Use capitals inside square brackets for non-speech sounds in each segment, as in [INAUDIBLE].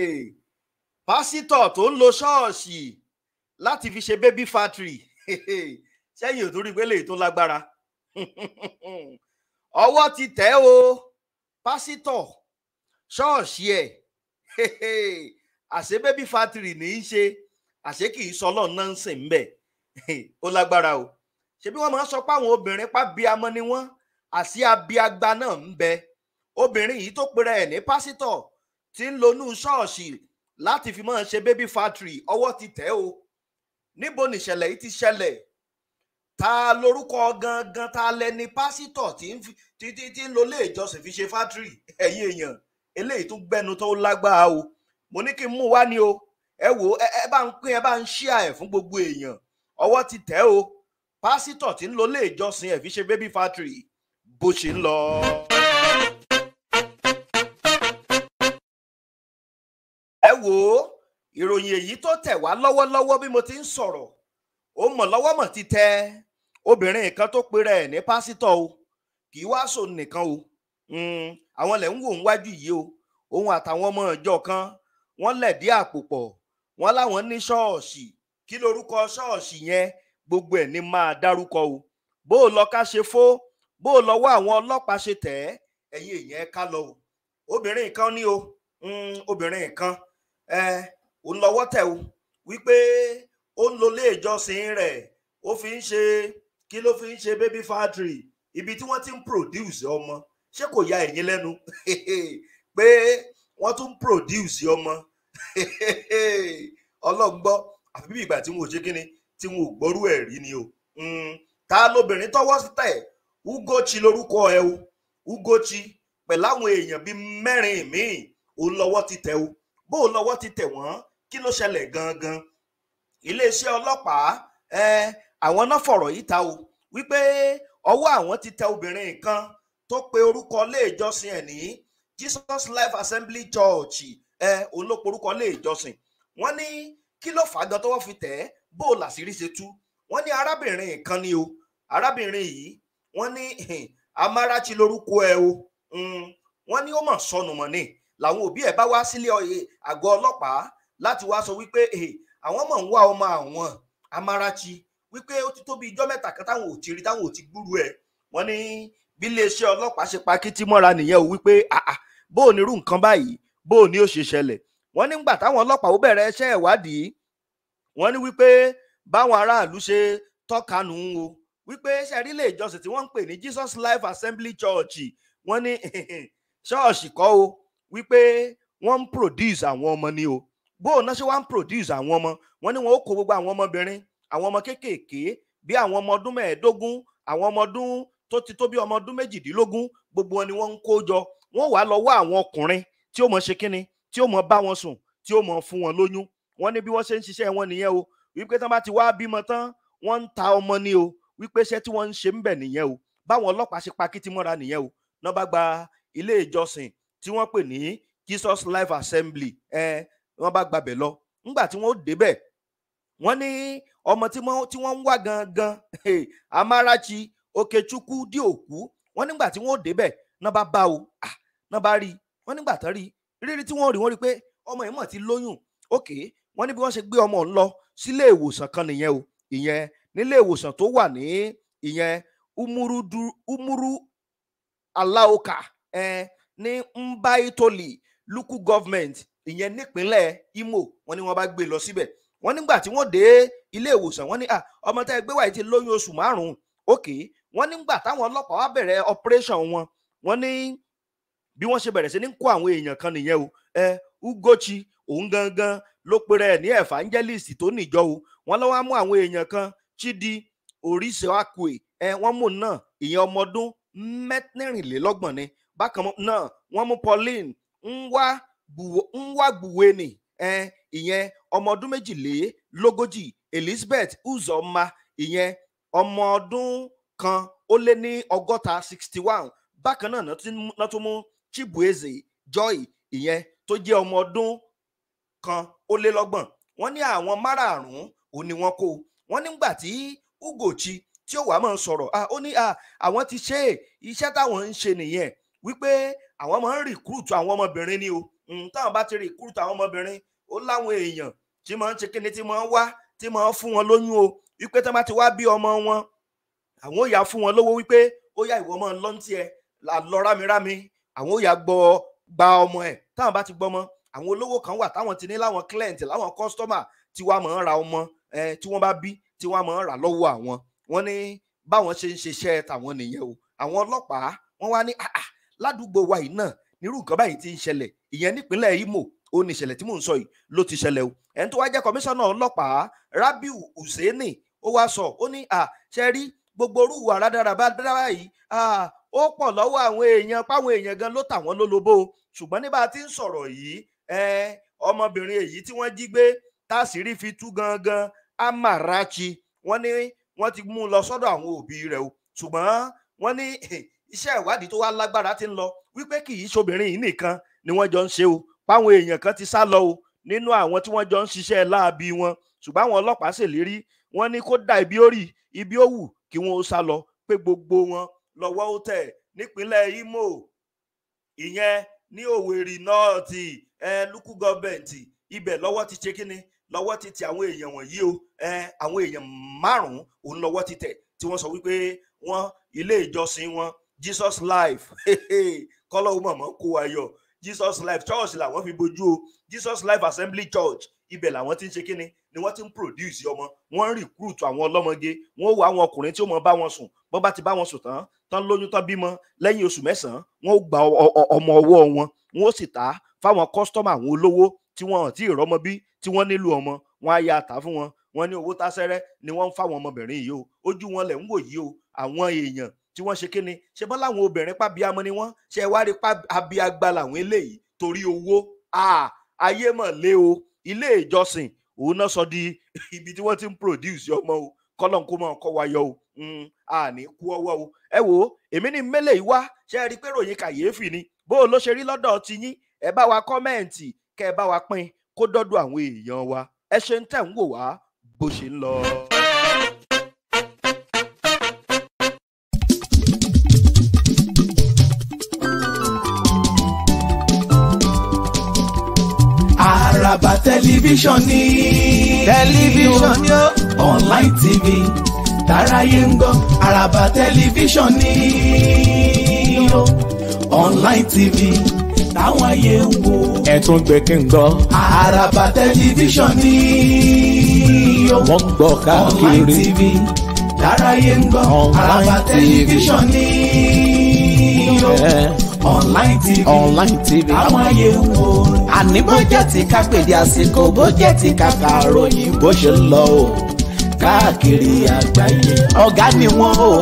Eh, pásítọ̀ tó ń lo ṣọ́ọ̀ṣì láti fi ṣe baby factory sẹ́yìn [LAUGHS] ò tún rí pélé tó lágbára [LAUGHS] ọwọ́ ti tẹ̀ o pásítọ̀ ṣọ́ọ̀ṣì ẹ̀ [LAUGHS] àṣé baby factory ní í ṣe àṣé kì í sọ lọ́ọ̀ náà ń sìn bẹ́ẹ̀ ó lágbára o ṣebí wọ́n máa ń sọ pé àwọn obìnrin pábíamọ ni wọ́n àṣé abíagbá náà ń bẹ obìnrin yìí tó pera ẹ̀ ní pásítọ̀ tí ń lonú ṣọ́ọ̀ṣì láti fi máa ṣe baby factory ọwọ́ ti tẹ̀ o níbo nìṣẹ̀lẹ̀ yìí ti ṣẹlẹ̀ ta lórúkọ gangan ta lẹni pásítọ̀ ti ń lo ilé ìjọsìn fi ṣe factory ẹ̀yin èèyàn eléyìí tó gbẹnu tó lágbára o mo ní kí n mú wá ni o ẹ wo ẹ bá ń pín ẹ bá ń ṣíà ẹ fún gbogbo èèyàn ọwọ́ ti tẹ̀ o pásítọ̀ tí ń lo ilé ìjọsìn ẹ̀ fi ṣe baby factory bó ṣe ń lọ. wò ó ìròyìn èyí tó tẹ̀ wá lọ́wọ́lọ́wọ́ bí mo ti ń sọ̀rọ̀ ó mọ̀ lọ́wọ́ mọ̀ ti tẹ obìnrin kan tó pera ẹ̀ ní pásítọ̀ o kì í wá sòun nìkan o hmm, àwọn lẹ̀ ń wò ń wájú yìí o òun àtàwọn ọmọ ìjọ kan wọ́n lẹ̀dí àpò pọ̀ wọ́n láwọn ní ṣọ́ọ̀ṣì kí lorúkọ ṣọ́ọ̀ṣì yẹn gbogbo ẹ̀ ní máa dárúkọ o bó o lọ ká ṣe fó bó o lọ́wọ́ àwọn ọlọ́pàá ṣe tẹ̀ ẹ́ ẹ̀yin èèyàn ẹ ká lọ o obìnrin kan ní o hmm, obìnrin kan ẹ ò ń lọ́wọ́ tẹ̀ o wípé ó ń lo ilé ìjọsìn rẹ̀ ó fi ń ṣe kí ló fi ń ṣe baby factory ibi tí wọ́n ti ń produce ọmọ ṣé kò ya ẹ̀yin lẹ́nu [LAUGHS] pé wọ́n tún ń produce ọmọ [LAUGHS] ọlọ́gbọ́ àfi bí ìgbà tí wọn ò ṣe kíni tí wọn ò gbọ́rú ẹ̀ rí ni o hmm. ta lobìnrin tọ́wọ́ tẹ̀ ugochi lórúkọ ẹ o ugochi pẹ̀láwọn èèyàn bíi mẹ́rin míì òun lọ́wọ́ ti tẹ̀ o bó lọ́wọ́ ti tẹ̀ wọ́n kí ló ṣẹlẹ̀ gangan iléeṣẹ́ ọlọ́pàá ẹ àwọn náà fọ̀rọ̀ yìí ta o wípé ọwọ́ àwọn ti tẹ obìnrin kan tó pe orúkọ iléèjọsìn ẹ̀ ní Jesus Life Assembly Church ẹ òun ló porúkọ iléèjọsìn wọ́n ní kí ló fà á gan tọ́wọ́ fi tẹ̀ ẹ́ bó o làṣírí ṣe tú wọ́n ní arábìnrin kan ni o arábìnrin yìí wọ́n ní amárachi lórúkọ ẹ̀ o hmm, wọ́n ní ó mọ̀ sọnù mọ́ ni làwọn òbí ẹ̀ bá wá sílé eh, àgọ́ ọlọ́pàá láti wá sọ wípé àwọn mọ̀ ń wá ọmọ àwọn amárachi wípé ó ti tó bí ijọ́ mẹ́ta kan táwọn ò ti rí táwọn ò ti gbúrú ẹ̀ wọ́n ní bí iléeṣẹ́ ọlọ́pàá ṣe pa kítí mọ́ra nìyẹn o wípé bó o ní irú nǹkan báyìí bó o ní ó ṣe ṣẹlẹ̀ wọ́n nígbà táwọn ọlọ́pàá ó bẹ̀rẹ̀ iṣẹ́ ìwádìí wọ́n ní wípé báwọn aráàlú ṣe tọ́kanu o wípé ṣẹ̀rí ilé ìjọsìn tí wọ́n ń pè ní Jesus Life Assembly Church wọ́n ní ṣọ́ọ̀ṣì kọ́ o wípé wọ́n ń produce àwọn ọmọ ni o bóun náà ṣe wá ń produce àwọn ọmọ wọ́n ní wọn ó kó gbogbo àwọn ọmọbìnrin àwọn ọmọ kéékèèké bí àwọn ọmọ ọdún mẹ́ẹ̀ẹ́dógún àwọn ọmọ ọdún tó ti tó bí ọmọ ọdún méjìdínlógún gbogbo wọn ni wọ́n ń kó jọ wọ́n wàá lọ wá àwọn ọkùnrin tí ó mọ ṣe kínni tí ó mọ bá wọn sùn tí ó mọ fún wọn lóyún wọ́n ní bí wọ́n ṣe ń ṣiṣẹ́ wọn nìyẹn o wípé tán bá ti wá bímọ tán wọ́n ń ta ọmọ ni o wípé iṣẹ́ tí wọ́n ń ṣe ń bẹ̀ nìyẹn o báwọn ọlọ́pàá ṣe pa kìtìmọ́ra nìyẹn o náà bá gba ilé ìjọsìn tí wọ́n pè ní Jesus Life Assembly ẹ wọ́n bá gbàbẹ̀ lọ nígbà tí wọ́n ó débẹ̀ wọ́n ní ọmọ tí wọ́n ń wá gangan Amarachi Okechukwu Dioku wọ́n nígbà tí wọ́n ó débẹ̀ náà bá bá o náà bá rí wọ́n nígbà tán rí rírí tí wọ́n rí wọ́n rí pé ọmọ yìí mọ̀ ti lóyún òkè wọ́n ní bí wọ́n ṣe gbé ọmọ ń lọ sílé ìwòsàn kan nìyẹn o ìyẹn nílé ìwòsàn tó wà ní ìyẹn umuru alaoka ẹ ní Mbaitoli local government ìyẹn nípínlẹ̀ Imo wọ́n ní wọ́n bá gbé e lọ síbẹ̀ wọ́n nígbà tí wọ́n dé ilé ìwòsàn wọ́n ní ọmọ tá ẹ gbé wáyé ti lóyún oṣù márùn-ún òkè wọ́n nígbà táwọn ọlọ́pàá wá bẹ̀rẹ̀ operation wọn wọ́n ní bí wọ́n ṣe bẹ̀rẹ̀ sí ní kó àwọn èèyàn kan nìyẹn o ẹ Ugochi òun gangan ló pèrè ẹ̀ ní evangelist tó níjọ o wọ́n lọ́ wá mú àwọn èèyàn kan Chidi Orisakwe ẹ wọ́n mú náà ìyẹn ọmọ ọdún mẹ́rìnlélọ́gbọ̀n ni bákan náà wọ́n mú Pauline Nwagbuweni ìyẹn ọmọ ọdún méjìlélógójì Elizabeth Uzoma ìyẹn ọmọ ọdún kan ó lé ní ọgọ́ta sixty one bákan náà náà tún mú Chibueze Joy ìyẹn tó jẹ́ ọmọ ọdún kan ó lé lọ́gbọ̀n wọ́n ní àwọn márààrún ò ní wọ́n kó wọ́n nígbà tí Ugochi tí ó wàá mọ̀ sọ̀rọ̀ ó ní àwọn ti ṣe iṣẹ́ táwọn ń ṣe nìyẹn wípé àwọn máa ń rìkúrùtù àwọn ọmọbìnrin ni o hmm, táwọn bá ti rìkúrùtù àwọn ọmọbìnrin ó láwọn èèyàn tí máa ń ṣe kíni tí máa ń wá tí máa ń fún wọn lóyún o wípé tí wọ́n bá ti wá bí ọmọ wọn àwọn ò fún wọn lówó wípé ó yá ìwọ máa ń lọ́n lọ rámirámi àwọn ò yà gba ọmọ ẹ̀ táwọn bá ti gbọ́mọ àwọn olówó kan wà táwọn ti ní láwọn client láwọn customer tí wọ́n máa ń ra ọmọ ẹ̀ tí wọ́n bá bí tí wọ́n máa ń rà lọ́wọ́ àwọn wọ́n ní báwọn ṣe ń ṣiṣẹ́ tàwọn nìyẹn o àwọn ọlọ́pàá wọ́n wá ní ah ládùúgbò wa yìí náà nírú nǹkan báyìí ti ń ṣẹlẹ̀ ìyẹn nípínlẹ̀ Imo ó ní ìṣẹ̀lẹ̀ tí mò ń sọ yìí ló ti ṣẹlẹ̀ o ẹni tó wá jẹ́ kọmíṣánná ọlọ́pàá Rabiu Hussaini ó wá sọ ó ní à ṣe rí gbogbo orú ìwà rádaràbá dára yìí ó pọ̀ lọ́wọ́ àwọn èèyàn páwọn èèyàn gan ló tà wọ́n lólobó ṣùgbọ́n ní bá ń sọ̀rọ̀ yìí ọmọbìnrin èyí tí wọ́n jí gbé táṣìírí fi tú gangan Amarachi wọ́n ní wọ́n ti mú un lọ sọ́dọ̀ àwọn òbí rẹ̀ o ṣùgbọ́n wọ́n ní iṣẹ́ ìwádìí tó wá lágbára ti ń lọ wípé kì í ṣobìnrin yìí nìkan ni wọ́n jọ ń ṣe o páwọn èèyàn kan ti sá lọ o nínú àwọn tí wọ́n jọ ń ṣiṣẹ́ láabi wọn ṣùgbọ́n àwọn ọlọ́pàá ṣèlérí wọ́n ní kó dá ibi ó ibi ó kí wọ́n sá lọ pé gbogbo wọn lọ́wọ́ ó tẹ̀ nípínlẹ̀ Imo ìyẹn ní Òwèrì nọ́ọ̀tì ẹ lukú gọọmenti ibẹ̀ lọ́wọ́ ti ṣe kíni lọ́wọ́ ti tẹ àwọn èèyàn wọ̀nyí o ẹ àwọn èèyàn márùn-ún òun lọ́wọ́ ti tẹ̀ tí wọ́n sọ wípé wọ́n ilé ìjọsìn wọn jesus life [LAUGHS] kọ́lọ́hún mọ̀mọ́ kó wa jesus life church làwọn fi bójú o jesus life assembly church ibẹ̀ làwọn ti ń ṣe kínni ni wọ́n ti ń produce ọmọ wọ́n ń recruit àwọn ọlọ́mọge wọ́n wọ àwọn ọkùnrin tí ó mọ bá wọn sùn bọ́n bá ti bá wọn sùn tán tán lóyún tán bímọ lẹ́yìn oṣù mẹ́sàn-án wọ́n ó gba ọmọ ọwọ́ wọn wọ́n ó sì tà á fáwọn kọ́sítọ́mù àwọn olówó tí wọ́n hàn tí ìrọ́mọ bí tí wọ́n nílò ọmọ wọ́n á ya tà fún wọn wọ́n ní owó tásẹ́rẹ́ ni wọ́n ń fáwọn ọmọbìnrin yìí o ojú wọn lẹ̀ ń wò yìí o àwọn èèyàn tí wọ́n ṣe kíni ṣe bọ́ láwọn obìnrin pábíamọ ni wọ́n ṣe wá rí pábíagbá làwọn eléyìí torí owó ayé mọ̀ lé o ilé ìjọsìn òun náà sọ di [LAUGHS] ibi tí wọ́n ti ń produce ọmọ o kọ́lọ̀ kó máa kọ́ wa yọ o àní hmm, kú ọwọ́ o ẹ wo èmi ní mélè yìí wá ṣe rí i pé ròyìn kàyéfì ni bó o ló ṣe rí lọ́dọ̀ ti yín ẹ bá wa kọ́mẹ̀ǹtì kẹ́ ẹ bá wa pín kó dọ́dọ̀ àwọn èèyàn wa ẹ ṣe ń tẹ̀ ń wò wá bó ṣe ń lọ. tẹlifíṣàn ni. tẹlifíṣàn ni ó. online tv tàráyé ń gbọ́ àràbà tẹlifíṣàn ni ó. online tv táwọn ayé ń wo. ẹ̀tún gbẹ̀kẹ̀ ń gbọ́. àràbà tẹlifíṣàn ni ó. wọ́n gbọ́ káàkiri. online tv tàráyé ń gbọ́ àràbà tẹlifíṣàn ni ó online tv online tv àwọn ayé ń wo àní bó jẹ́ ti ká pèdé àsìkò bó jẹ́ ti ká kàròyìn bó ṣe ń lọ o káàkiri àgbáyé ọ̀gá ni wọ́n o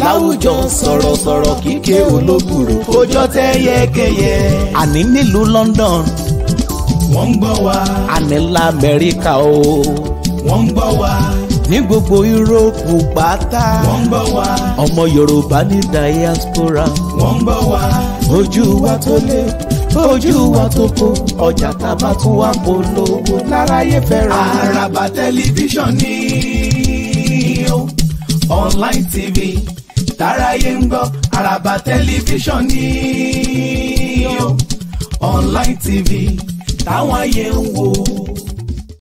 láwùjọ sọ̀rọ̀sọ̀rọ̀ kíkẹ́ olóbùrò ojọ́ tẹ́ yẹ́kẹ́yẹ́ àní nílùú London wọ́n ń gbọ́ wa àní lamẹ́ríkà o wọ́n ń gbọ́ wa ní gbogbo yúróòpù pátá. wọ́n gbọ́ wá. ọmọ yorùbá ní diaspora. wọ́n gbọ́ wá. ojú wa tó lé ojú wa tó kó ọjà tábà tún wá polówó láráyé fẹ́ràn. àràbà tẹlifíṣàn ni ó online tv táráyé ń gbọ́ àràbà tẹlifíṣàn ni ó online tv táwọn ayé ń wò.